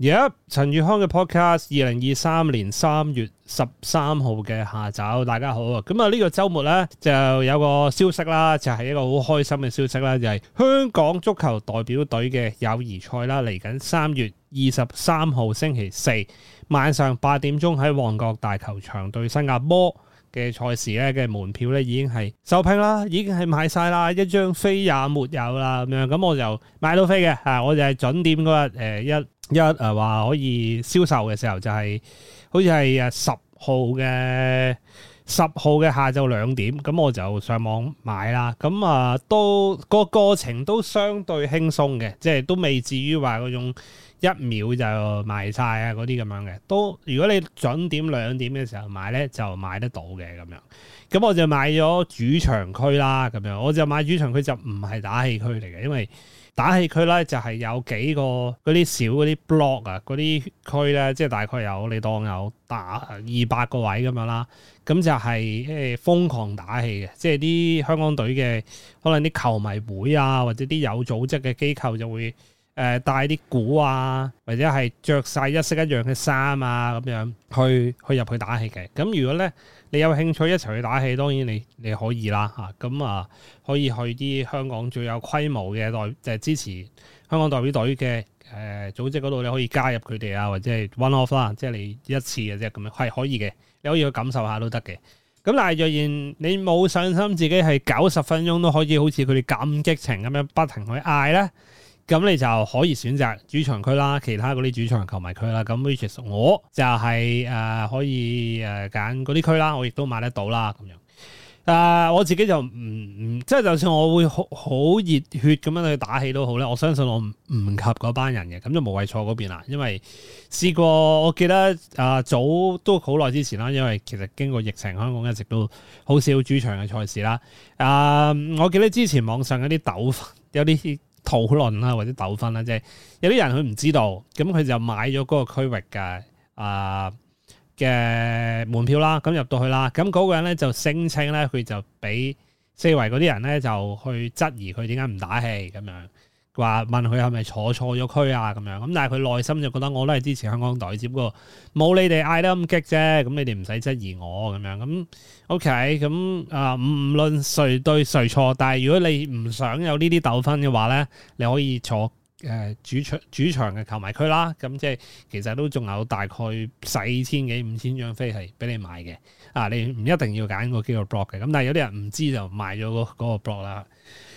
而家陳宇康嘅 Podcast，二零二三年三月十三號嘅下晝，大家好啊！咁啊，呢個周末呢，就有個消息啦，就係、是、一個好開心嘅消息啦，就係、是、香港足球代表隊嘅友誼賽啦，嚟緊三月二十三號星期四晚上八點鐘喺旺角大球場對新加坡嘅賽事咧嘅門票呢已經係售罄啦，已經係賣晒啦，一張飛也沒有啦咁樣。咁我就買到飛嘅，啊，我就係準點嗰日誒一。一誒話可以銷售嘅時候，就是，就係好似係誒十號嘅十號嘅下晝兩點，咁我就上網買啦。咁啊，都個過程都相對輕鬆嘅，即係都未至於話嗰種一秒就賣晒啊嗰啲咁樣嘅。都如果你準點兩點嘅時候買呢，就買得到嘅咁樣。咁我就買咗主場區啦，咁樣我就買主場區就唔係打氣區嚟嘅，因為。打氣區咧就係有幾個嗰啲小嗰啲 block 啊，嗰啲區咧，即係大概有你當有打二百個位咁樣啦。咁就係誒瘋狂打氣嘅，即係啲香港隊嘅可能啲球迷會啊，或者啲有組織嘅機構就會誒帶啲鼓啊，或者係着晒一式一樣嘅衫啊咁樣去去入去打氣嘅。咁如果咧，你有興趣一齊去打氣，當然你你可以啦嚇，咁啊可以去啲香港最有規模嘅代就係、是、支持香港代表隊嘅誒、呃、組織嗰度，你可以加入佢哋啊，或者係 one off 啦，即係你一次嘅啫咁樣，係可以嘅，你可以去感受下都得嘅。咁但係若然你冇信心，自己係九十分鐘都可以好似佢哋咁激情咁樣不停去嗌咧。咁你就可以選擇主場區啦，其他嗰啲主場球迷區啦。咁其實我就係、是、誒、呃、可以誒揀嗰啲區啦，我亦都買得到啦咁樣。誒、呃、我自己就唔唔、嗯，即係就算我會好好熱血咁樣去打氣都好咧。我相信我唔唔及嗰班人嘅，咁就無謂錯嗰邊啦。因為試過我記得誒、呃、早都好耐之前啦，因為其實經過疫情，香港一直都好少主場嘅賽事啦。誒、呃、我記得之前網上有啲抖有啲，討論啦或者糾紛啦啫，即係有啲人佢唔知道，咁佢就買咗嗰個區域嘅啊嘅門票啦，咁入到去啦，咁嗰個人咧就聲稱咧佢就俾四圍嗰啲人咧就去質疑佢點解唔打氣咁樣。話問佢係咪坐錯咗區啊？咁樣咁，但係佢內心就覺得我都係支持香港隊，只不過冇你哋嗌得咁激啫。咁你哋唔使質疑我咁樣。咁 OK，咁啊，唔、呃、論誰對誰錯，但係如果你唔想有呢啲糾紛嘅話咧，你可以坐誒、呃、主、主場主場嘅球迷區啦。咁即係其實都仲有大概四千幾五千張飛係俾你買嘅。啊，你唔一定要揀個幾個 block 嘅。咁但係有啲人唔知就賣咗個個 block 啦。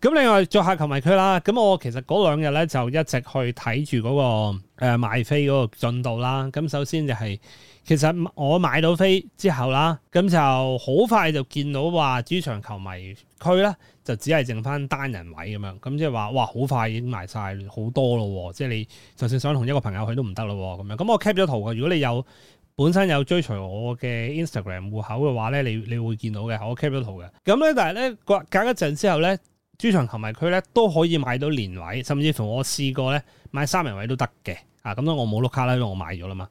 咁另外作客球迷區啦，咁我其實嗰兩日咧就一直去睇住嗰個誒、呃、買飛嗰個進度啦。咁首先就係、是、其實我買到飛之後啦，咁就好快就見到話主場球迷區咧就只係剩返單人位咁樣。咁即係話哇，好快已經賣晒好多咯喎！即、就、係、是、你就算想同一個朋友去都唔得咯喎咁樣。咁我 keep 咗圖嘅。如果你有本身有追隨我嘅 Instagram 戶口嘅話咧，你你會見到嘅。我 keep 咗圖嘅。咁咧，但係咧過隔一陣之後咧。主場球迷區咧都可以買到連位，甚至乎我試過咧買三人位都得嘅，啊咁所以我冇碌卡啦，因為我買咗啦嘛。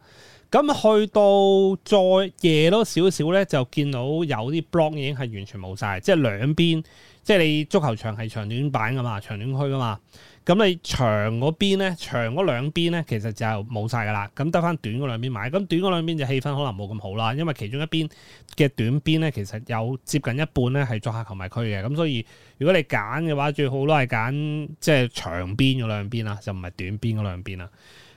咁、嗯、去到再夜多少少咧，就見到有啲 block 已經係完全冇晒，即係兩邊。即係你足球場係長短板噶嘛，長短區噶嘛。咁你長嗰邊咧，長嗰兩邊咧，其實就冇晒噶啦。咁得翻短嗰兩邊買，咁短嗰兩邊就氣氛可能冇咁好啦，因為其中一邊嘅短邊咧，其實有接近一半咧係作客球迷區嘅。咁所以如果你揀嘅話，最好都係揀即係長邊嗰兩邊啦，就唔係短邊嗰兩邊啦。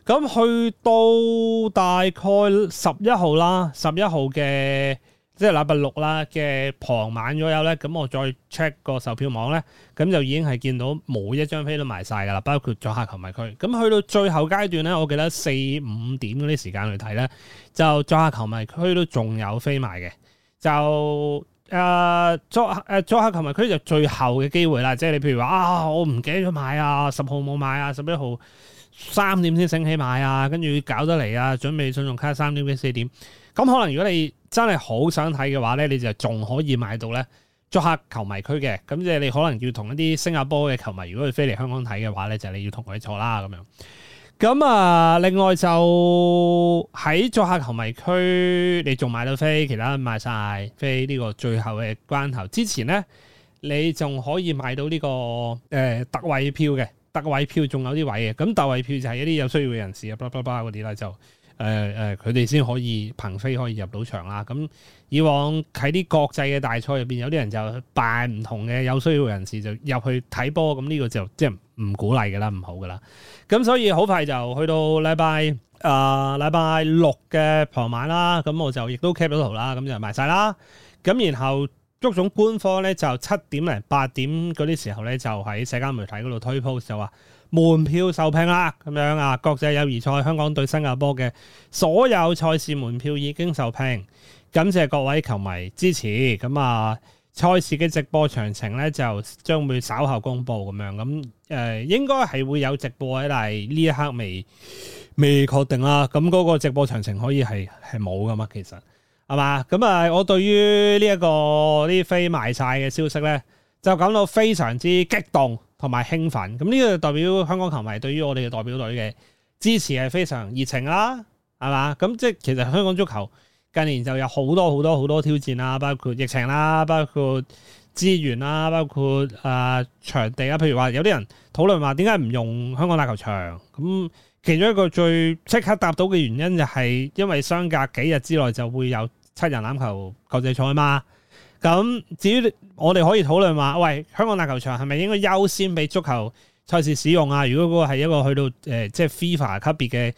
咁去到大概十一號啦，十一號嘅。即係禮拜六啦嘅傍晚左右咧，咁我再 check 個售票網咧，咁就已經係見到冇一張飛都賣晒㗎啦，包括左下球迷區。咁去到最後階段咧，我記得四五點嗰啲時間去睇咧，就左下球迷區都仲有飛賣嘅。就誒左下誒左下球迷區就最後嘅機會啦，即係你譬如話啊，我唔記得咗買啊，十號冇買啊，十一號三點先醒起買啊，跟住搞得嚟啊，準備信用卡三點四點，咁可能如果你真係好想睇嘅話咧，你就仲可以買到咧，作客球迷區嘅。咁即係你可能要同一啲新加坡嘅球迷，如果佢飛嚟香港睇嘅話咧，就你要同佢坐啦咁樣。咁啊，另外就喺作客球迷區，你仲買到飛，其他買晒飛呢個最後嘅關頭之前咧，你仲可以買到呢個誒特惠票嘅，特惠票仲有啲位嘅，咁特惠票就係一啲有需要嘅人士啊，巴拉巴拉嗰啲啦就。誒誒，佢哋先可以憑飛可以入到場啦。咁、嗯、以往喺啲國際嘅大賽入邊，有啲人就扮唔同嘅，有需要人士就入去睇波。咁、嗯、呢、這個就即係唔鼓勵嘅啦，唔好嘅啦。咁、嗯、所以好快就去到禮拜啊禮拜六嘅傍晚啦。咁、嗯、我就亦都 cap 到圖啦。咁就賣晒啦。咁、嗯、然後足總官方咧就七點零八點嗰啲時候咧就喺社交媒體嗰度推 post 就話。門票售罄啦，咁樣啊！國際友誼賽香港對新加坡嘅所有賽事門票已經售罄，感謝各位球迷支持。咁啊，賽事嘅直播詳情咧就將會稍後公布咁樣、啊。咁誒應該係會有直播喺嚟呢一刻未未確定啦、啊。咁嗰個直播詳情可以係係冇噶嘛？其實係嘛？咁啊，我對於呢、這、一個啲飛賣晒嘅消息咧，就感到非常之激動。同埋興奮，咁呢個就代表香港球迷對於我哋嘅代表隊嘅支持係非常熱情啦，係嘛？咁即係其實香港足球近年就有好多好多好多挑戰啦，包括疫情啦，包括資源啦，包括誒、呃、場地啊。譬如話有啲人討論話點解唔用香港大球場，咁其中一個最即刻答到嘅原因就係因為相隔幾日之內就會有七人欖球國際賽嘛。咁至於我哋可以討論話，喂，香港大球場係咪應該優先俾足球賽事使用啊？如果嗰個係一個去到誒、呃、即係 FIFA 級別嘅誒、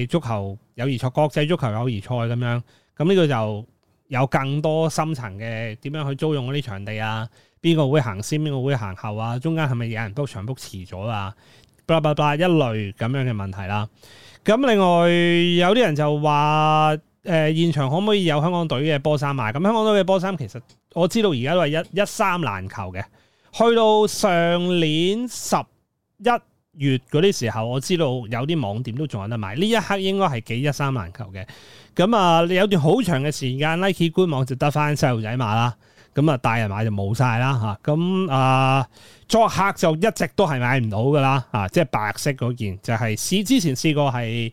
呃、足球友誼賽國、國際足球友誼賽咁樣，咁呢個就有更多深層嘅點樣去租用嗰啲場地啊，邊個會行先？邊個會行後啊？中間係咪有人 book 場 book 遲咗啊？blah blah blah 一類咁樣嘅問題啦。咁另外有啲人就話，誒，現場可唔可以有香港隊嘅波衫賣？咁、嗯、香港隊嘅波衫其實我知道而家都係一一三難求嘅。去到上年十一月嗰啲時候，我知道有啲網店都仲有得賣。呢一刻應該係幾一三難求嘅。咁、嗯、啊，你有段好長嘅時間 Nike 官網就得返細路仔買啦。咁、嗯、啊，大人買就冇晒啦吓。咁啊，作客就一直都係買唔到噶啦。啊，即係白色嗰件就係、是、試之前試過係。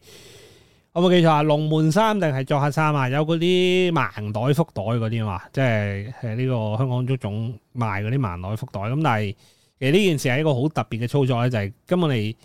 我冇記錯啊，龍門衫定係作客衫啊？有嗰啲盲袋、福袋嗰啲嘛？即係喺呢個香港足總賣嗰啲盲袋、福袋。咁但係其實呢件事係一個好特別嘅操作咧，就係根本嚟，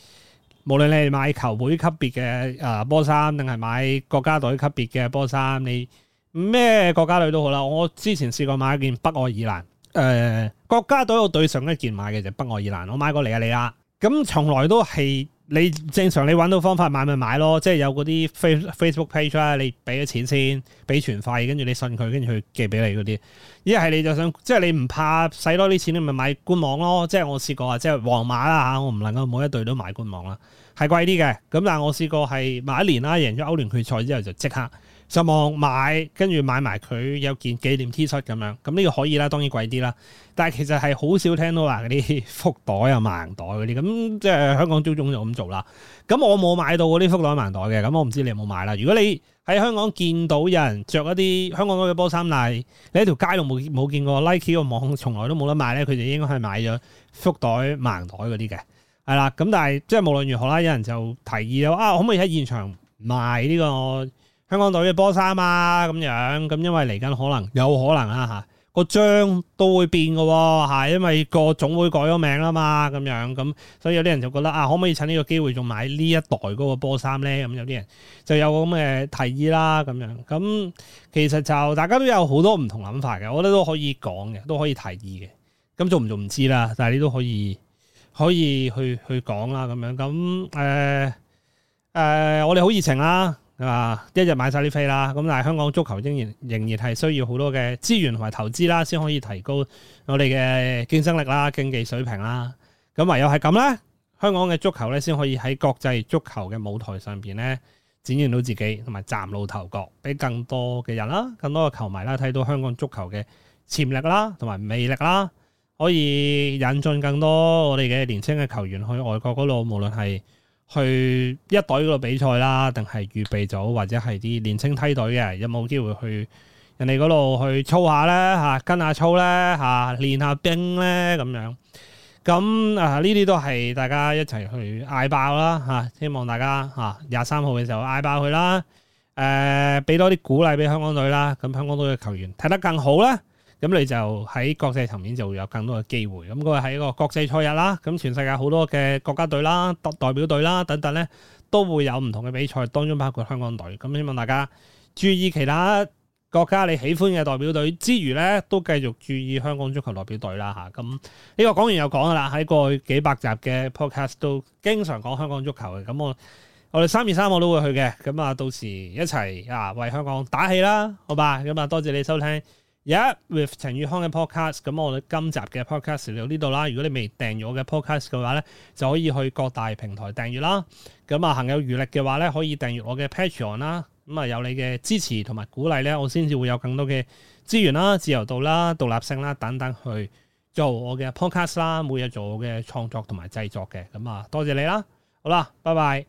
無論你係買球會級別嘅誒、啊、波衫，定係買國家隊級別嘅波衫，你咩國家隊都好啦。我之前試過買一件北愛爾蘭誒、呃、國家隊，我對上一件買嘅就係，北愛爾蘭。我買過尼亞利亞，咁從來都係。你正常你揾到方法買咪買咯，即係有嗰啲 face Facebook page 啦，你俾咗錢先，俾全費，跟住你信佢，跟住佢寄俾你嗰啲。一係你就想，即係你唔怕使多啲錢，你咪買官網咯。即係我試過啊，即係皇馬啦嚇，我唔能夠每一隊都買官網啦，係貴啲嘅。咁但係我試過係買一年啦，贏咗歐聯決賽之後就即刻。就望買，跟住買埋佢有件紀念 T 恤咁樣，咁呢個可以啦，當然貴啲啦。但係其實係好少聽到話嗰啲福袋啊、盲袋嗰啲，咁即係香港朝中，中就咁做啦。咁我冇買到嗰啲福袋盲袋嘅，咁我唔知你有冇買啦。如果你喺香港見到有人着一啲香港嗰個波衫嚟，但你喺條街度冇冇見過 Nike 個網，從來都冇得賣咧，佢哋應該係買咗福袋盲袋嗰啲嘅，係啦。咁但係即係無論如何啦，有人就提議啊，可唔可以喺現場賣呢、呢個？香港隊嘅波衫啊，咁樣咁，因為嚟緊可能有可能啦吓，個、啊、章都會變嘅，係、啊、因為個總會改咗名啦嘛，咁樣咁，所以有啲人就覺得啊，可唔可以趁個機呢個機會仲買呢一代嗰個波衫咧？咁有啲人就有咁嘅提議啦，咁樣咁，其實就大家都有好多唔同諗法嘅，我覺得都可以講嘅，都可以提議嘅，咁做唔做唔知啦，但係你都可以可以去去講啦，咁樣咁誒誒，我哋好熱情啦。啊！一日買晒啲飛啦，咁但係香港足球仍然仍然係需要好多嘅資源同埋投資啦，先可以提高我哋嘅競爭力啦、競技水平啦。咁唯有係咁咧，香港嘅足球咧先可以喺國際足球嘅舞台上邊咧展現到自己，同埋嶄露頭角，俾更多嘅人啦、更多嘅球迷啦睇到香港足球嘅潛力啦同埋魅力啦，可以引進更多我哋嘅年輕嘅球員去外國嗰度，無論係去一隊嗰度比賽啦，定係預備組或者係啲年青梯隊嘅，有冇機會去人哋嗰度去操下咧嚇、啊，跟下操咧嚇，練下兵咧咁樣。咁啊呢啲都係大家一齊去嗌爆啦嚇、啊，希望大家嚇廿三號嘅時候嗌爆佢啦。誒、啊，俾多啲鼓勵俾香港隊啦，咁香港隊嘅球員踢得更好啦。咁你就喺國際層面就會有更多嘅機會，咁嗰個係一個國際賽日啦，咁全世界好多嘅國家隊啦、代表隊啦等等咧，都會有唔同嘅比賽，當中包括香港隊。咁希望大家注意其他國家你喜歡嘅代表隊之餘咧，都繼續注意香港足球代表隊啦，吓，咁呢個講完又講噶啦，喺過去幾百集嘅 podcast 都經常講香港足球嘅。咁我我哋三月三號我都會去嘅，咁啊到時一齊啊為香港打氣啦，好吧，咁啊多謝你收聽。而家、yeah, with 陳宇康嘅 podcast，咁我今集嘅 podcast 到呢度啦。如果你未訂閱我嘅 podcast 嘅話咧，就可以去各大平台訂閱啦。咁啊，行有餘力嘅話咧，可以訂閱我嘅 Patreon 啦。咁啊，有你嘅支持同埋鼓勵咧，我先至會有更多嘅資源啦、自由度啦、獨立性啦等等去做我嘅 podcast 啦，每日做我嘅創作同埋製作嘅。咁啊，多謝你啦。好啦，拜拜。